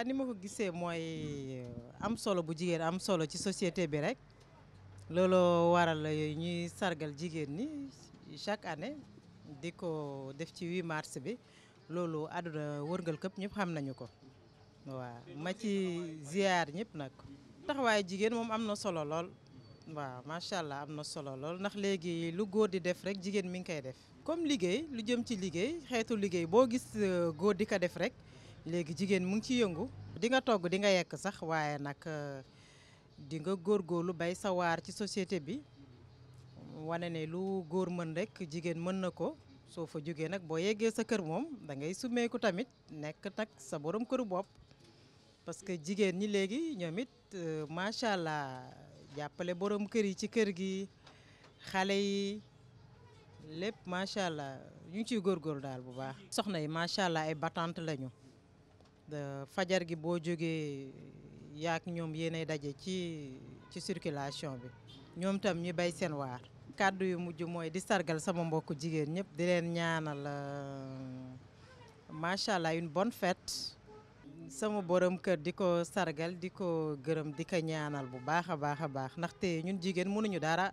waa ni ma ko gisee mooy euh, am solo bu jigéen am solo ci société bi rek looloo waral yooyu ñuy sargal jigéen ñi chaque année di ko def ci 8 mars bi loolu àdduna wërngal këpp ñëpp xam nañu ko waaw ma ci ziar ñëpp nag taxawaayu jigéen moom am na solo lool waa macha allah am na solo lool ndax léegi lu góor di def rek jigéen mi ngi koy def comme liggéey lu jëm ci liggéey xeetu liggéey boo gis euh, góor di ko def rek léegi jigen mu ngi ci yëngu di nga togg di nga yek sax waye nak euh, di nga golu bay war ci société bi wane ne lu gor mën rek jigen mën nako so fa jógee nak bo yeggee sa kër mom da ngay ko tamit nek tak sa borom kër bop parce que jigen ñi léegi ñomit euh, ma sha allah jappalé borom kër yi ci kër gi xalé yi ma sha allah ñu ci gor gor dal bu baax. soxna yi sha allah ay battante lañu. fajar gi boo jógee yaak ñoom yéenay daje ci ci circulation bi ñoom tam ñi bay seen waar kàddu yu mujj mooy di sargal sama mbokku jigéen ñëpp di leen ñaanal euh, macha allah une bon fête sama borom kër di ko sargal di ko gërëm di ko ñaanal bu baax a baax a baax ndaxte ñun jigéen mënuñu dara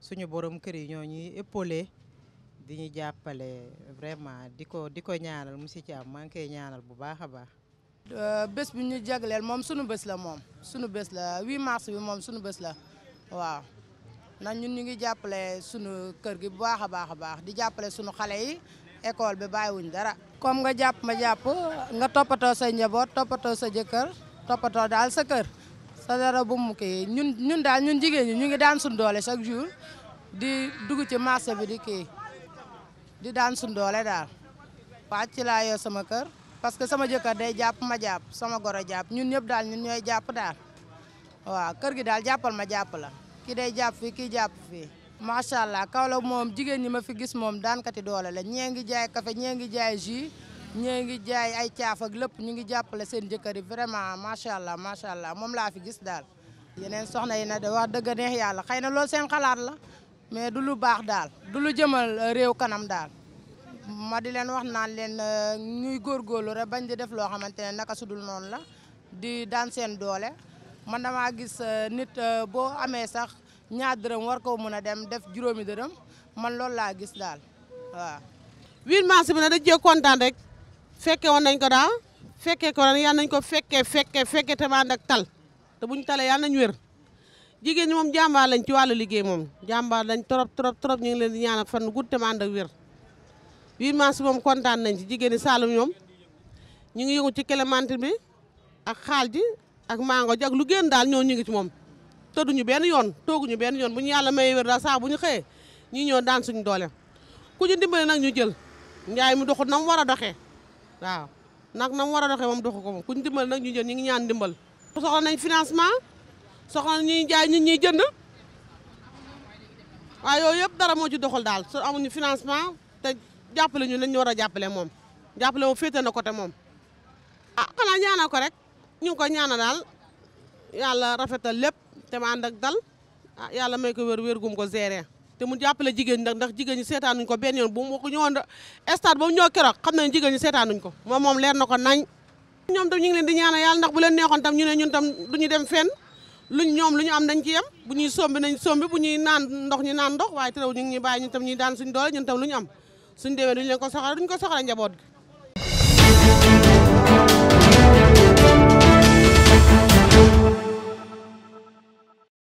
suñu borom kër yi ñoo ñuy épaulé di ñu jàppale vraiment di ko di ko ñaanal mu si ci maa ngi koy ñaanal bu baax a baax Euh, bes bi ñu jagleel mom suñu bes la mom, suñu bes la 8 mars bi mom suñu bes la waaw na ñun ñu ngi jappalé suñu kër gi bu baaxa baaxa baax di jappalé suñu xalé yi école bi bayiwuñ dara. kom nga japp ma japp nga topato sa njaboot topato sa jëkkër topato dal sa kër sa dara bu mu kii ñun ñun dal ñun jigéen ñu ngi daan suñu doole chaque jour di dugg ci marché bi di ki di daan suñu doole dal waa la yo sama kër. parce que sama jëkkër day jàpp ma jàpp sama goro jàpp ñun ñëpp daal ñun ñooy jàpp daal waaw kër gi daal jàppal ma jàpp la ki day jàpp fii kii jàpp fii macha allah Kaolack moom jigéen ñi ma fi gis moom daankati doole la ñee ngi jaay café ñee ngi jaay jus ñee ngi jaay ay caaf ak lépp ñu ngi jàppale seen jëkkër yi vraiment macha allah macha allah moom laa fi gis daal. yeneen soxna yi na de wax dëgg neex yàlla xëy na loolu seen xalaat la mais du lu baax daal du lu jëmal euh, réew kanam daal. ma di leen wax naan leen euh, ñuy góorgóorlu rek bañ di def loo xamante ne naka sudul noonu la di daan seen doole man damaa gis euh, nit euh, boo amee sax ñaar dërëm war ko mën a dem def juróomi dërëm man loolu laa gis daal waaw. 8 mars bi nag dañ cee kontaan rek fekke woon nañ ko daal fekkee ko ren yal nañ ko fekkee fekkee fekkee te ànd ak tal te buñ talee yal nañ wér jigéen ñi moom jàmbaar lañ ci wàllu liggéey moom jàmbaar lañ trop trop trop leen di ñaanal fan gudd te ànd ak 8 mars moom kontaan nañ ci jigéen ñi Saalum ñoom ñu ngi yëngu ci clémentine bi ak xaal ji ak mango ji ak lu génn daal ñoo ñu ngi ci moom tëdduñu benn yoon tooguñu benn yoon bu ñu yàlla may wér daal saa bu ñu xëyee ñi ñëw daan suñu doole ku ñu dimbale nag ñu jël njaay mu doxul na mu war a doxee waaw nag na mu war a doxee moom doxu ko ku ñu dimbale nag ñu jël ñu ngi ñaan dimbal soxla nañ financement soxla ñu jaay ñun ñuy jënd waaye yooyu yëpp dara moo ci doxal daal financement te jàppale ñu nañ ñu war a jàppale moom jàppale moom féete na côté moom ah xanaa ñaanal ko rek ñu ngi ko ñaanal daal yàlla rafetal lépp te ma ànd ak dal ah yàlla may ko wér wér gum ko gérer te mu jàppale jigéen ñi ndax jigéen ñi seetaanuñ ko benn yoon bu mu ñëwoon stade ba mu ñëw keroog xam nañ jigéen ñi seetaanuñ ko moom moom leer na ko nañ ñoom tam ñu ngi leen di ñaanal ndax bu leen neexoon tam ñu ne ñun tam duñu dem fenn luñ ñoom lu ñu am dañ ci yem bu ñuy sombi nañ sombi bu ñuy naan ndox ñu naan ndox waaye terew ñu ngi ñuy bàyyi ñun tam ñuy daan suñ doole ñun tam lu ñu am suñ demee duñ leen ko soxla duñ ko soxla njaboot gi